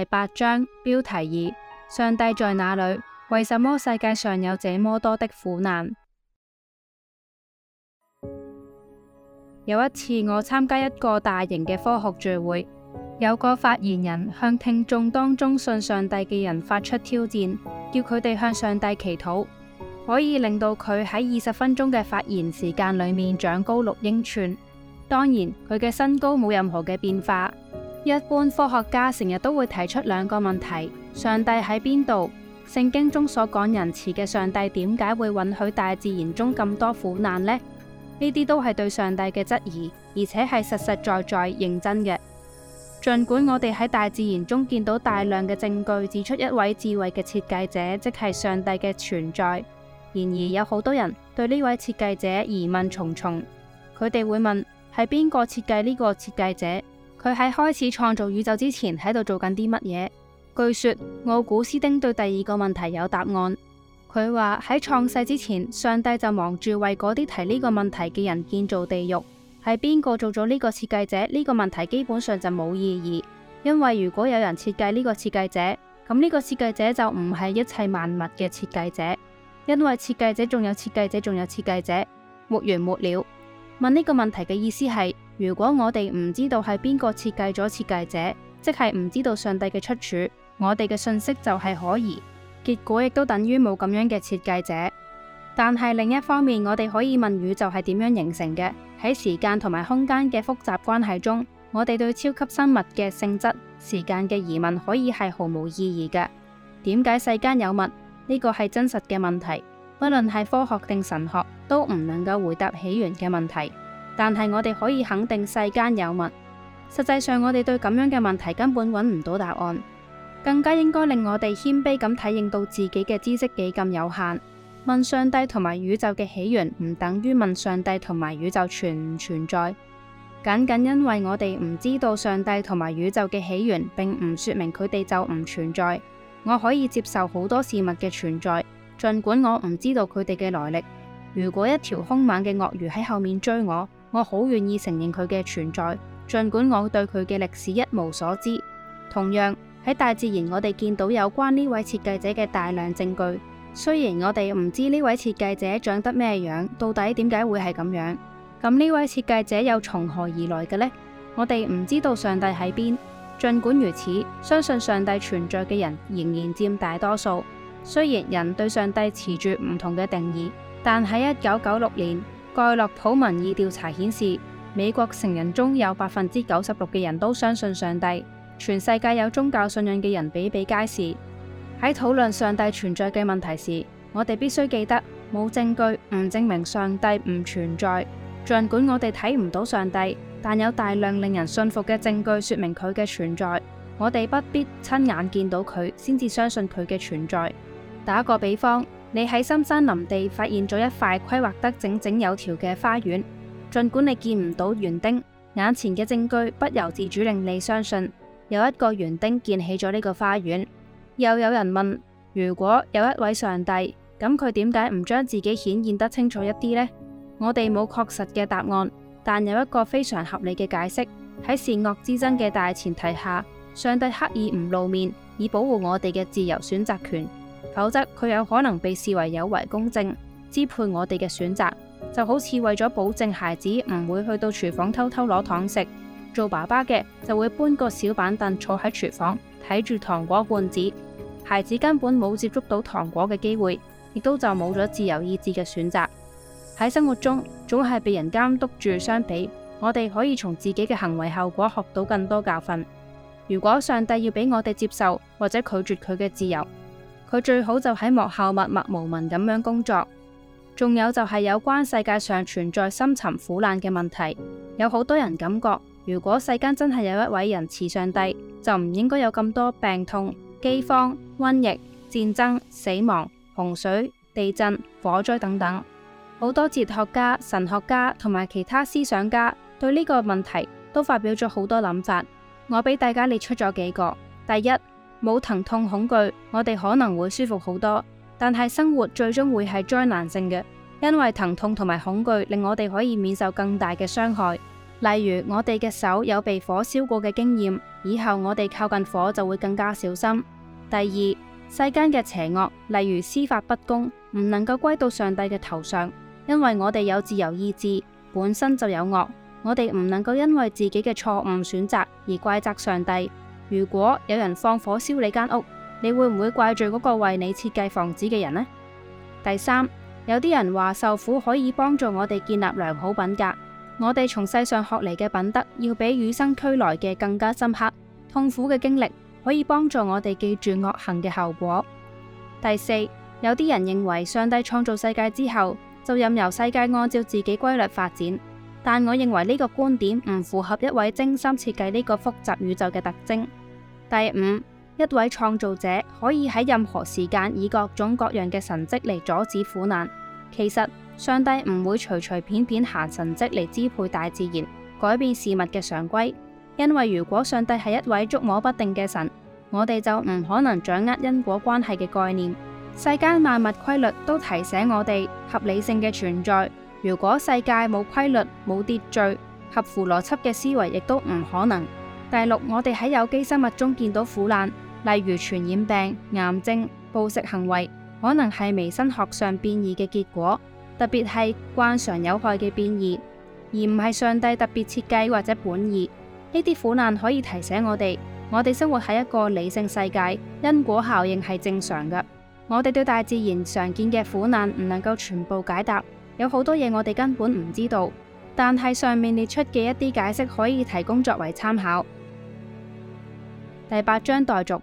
第八章標題二：上帝在哪裏？為什麼世界上有這麼多的苦難？有一次，我參加一個大型嘅科學聚會，有個發言人向聽眾當中信上帝嘅人發出挑戰，叫佢哋向上帝祈禱，可以令到佢喺二十分鐘嘅發言時間裏面長高六英寸。當然，佢嘅身高冇任何嘅變化。一般科學家成日都會提出兩個問題：上帝喺邊度？聖經中所講仁慈嘅上帝點解會允許大自然中咁多苦難呢？呢啲都係對上帝嘅質疑，而且係實實在在認真嘅。盡管我哋喺大自然中見到大量嘅證據，指出一位智慧嘅設計者，即係上帝嘅存在。然而，有好多人對呢位設計者疑問重重，佢哋會問：係邊個設計呢個設計者？佢喺開始創造宇宙之前喺度做緊啲乜嘢？據說奧古斯丁對第二個問題有答案。佢話喺創世之前，上帝就忙住為嗰啲提呢個問題嘅人建造地獄。係邊個做咗呢個設計者？呢個問題基本上就冇意義，因為如果有人設計呢個設計者，咁呢個設計者就唔係一切萬物嘅設計者，因為設計者仲有設計者，仲有設計者，沒完沒了。問呢個問題嘅意思係？如果我哋唔知道係邊個設計咗設計者，即係唔知道上帝嘅出處，我哋嘅信息就係可疑。結果亦都等於冇咁樣嘅設計者。但係另一方面，我哋可以問宇宙係點樣形成嘅？喺時間同埋空間嘅複雜關係中，我哋對超級生物嘅性質、時間嘅疑問可以係毫無意義嘅。點解世間有物？呢個係真實嘅問題，不論係科學定神學，都唔能夠回答起源嘅問題。但係我哋可以肯定，世間有物。實際上，我哋對咁樣嘅問題根本揾唔到答案，更加應該令我哋謙卑咁體認到自己嘅知識幾咁有限。問上帝同埋宇宙嘅起源，唔等於問上帝同埋宇宙存唔存在。僅僅因為我哋唔知道上帝同埋宇宙嘅起源，並唔說明佢哋就唔存在。我可以接受好多事物嘅存在，儘管我唔知道佢哋嘅來歷。如果一條兇猛嘅鱷魚喺後面追我，我好願意承認佢嘅存在，儘管我對佢嘅歷史一無所知。同樣喺大自然，我哋見到有關呢位設計者嘅大量證據。雖然我哋唔知呢位設計者長得咩樣，到底點解會係咁樣？咁呢位設計者又從何而來嘅呢？我哋唔知道上帝喺邊。儘管如此，相信上帝存在嘅人仍然佔大多數。雖然人對上帝持住唔同嘅定義，但喺一九九六年，蓋洛普民意調查顯示，美國成人中有百分之九十六嘅人都相信上帝，全世界有宗教信仰嘅人比比皆是。喺討論上帝存在嘅問題時，我哋必須記得冇證據唔證明上帝唔存在。盡管我哋睇唔到上帝，但有大量令人信服嘅證據說明佢嘅存在。我哋不必親眼見到佢先至相信佢嘅存在。打個比方。你喺深山林地發現咗一塊規劃得整整有條嘅花園，盡管你見唔到園丁，眼前嘅證據不由自主令你相信有一個園丁建起咗呢個花園。又有人問：如果有一位上帝，咁佢點解唔將自己顯現得清楚一啲呢？我哋冇確實嘅答案，但有一個非常合理嘅解釋：喺善惡之爭嘅大前提下，上帝刻意唔露面，以保護我哋嘅自由選擇權。否則佢有可能被視為有違公正支配我哋嘅選擇，就好似為咗保證孩子唔會去到廚房偷偷攞糖食，做爸爸嘅就會搬個小板凳坐喺廚房睇住糖果罐子，孩子根本冇接觸到糖果嘅機會，亦都就冇咗自由意志嘅選擇。喺生活中總係被人監督住，相比我哋可以從自己嘅行為後果學到更多教訓。如果上帝要俾我哋接受或者拒絕佢嘅自由。佢最好就喺幕後默默無聞咁樣工作，仲有就係有關世界上存在深沉苦難嘅問題。有好多人感覺，如果世間真係有一位仁慈上帝，就唔應該有咁多病痛、饑荒、瘟疫、戰爭、死亡、洪水、地震、火災等等。好多哲學家、神學家同埋其他思想家對呢個問題都發表咗好多諗法。我俾大家列出咗幾個：第一。冇疼痛恐懼，我哋可能會舒服好多。但係生活最終會係災難性嘅，因為疼痛同埋恐懼令我哋可以免受更大嘅傷害。例如我哋嘅手有被火燒過嘅經驗，以後我哋靠近火就會更加小心。第二，世間嘅邪惡，例如司法不公，唔能夠歸到上帝嘅頭上，因為我哋有自由意志，本身就有惡，我哋唔能夠因為自己嘅錯誤選擇而怪責上帝。如果有人放火燒你間屋，你會唔會怪罪嗰個為你設計房子嘅人呢？第三，有啲人話受苦可以幫助我哋建立良好品格，我哋從世上學嚟嘅品德要比與生俱來嘅更加深刻。痛苦嘅經歷可以幫助我哋記住惡行嘅後果。第四，有啲人認為上帝創造世界之後，就任由世界按照自己規律發展。但我認為呢個觀點唔符合一位精心設計呢個複雜宇宙嘅特徵。第五，一位創造者可以喺任何時間以各種各樣嘅神蹟嚟阻止苦難。其實上帝唔會隨隨便便便行神蹟嚟支配大自然、改變事物嘅常規，因為如果上帝係一位捉摸不定嘅神，我哋就唔可能掌握因果關係嘅概念。世間萬物規律都提醒我哋合理性嘅存在。如果世界冇規律、冇秩序、合乎邏輯嘅思維，亦都唔可能。第六，我哋喺有機生物中見到苦難，例如傳染病、癌症、暴食行為，可能係微生學上變異嘅結果，特別係慣常有害嘅變異，而唔係上帝特別設計或者本意。呢啲苦難可以提醒我哋，我哋生活喺一個理性世界，因果效應係正常嘅。我哋對大自然常見嘅苦難唔能夠全部解答。有好多嘢我哋根本唔知道，但係上面列出嘅一啲解釋可以提供作為參考。第八章待續。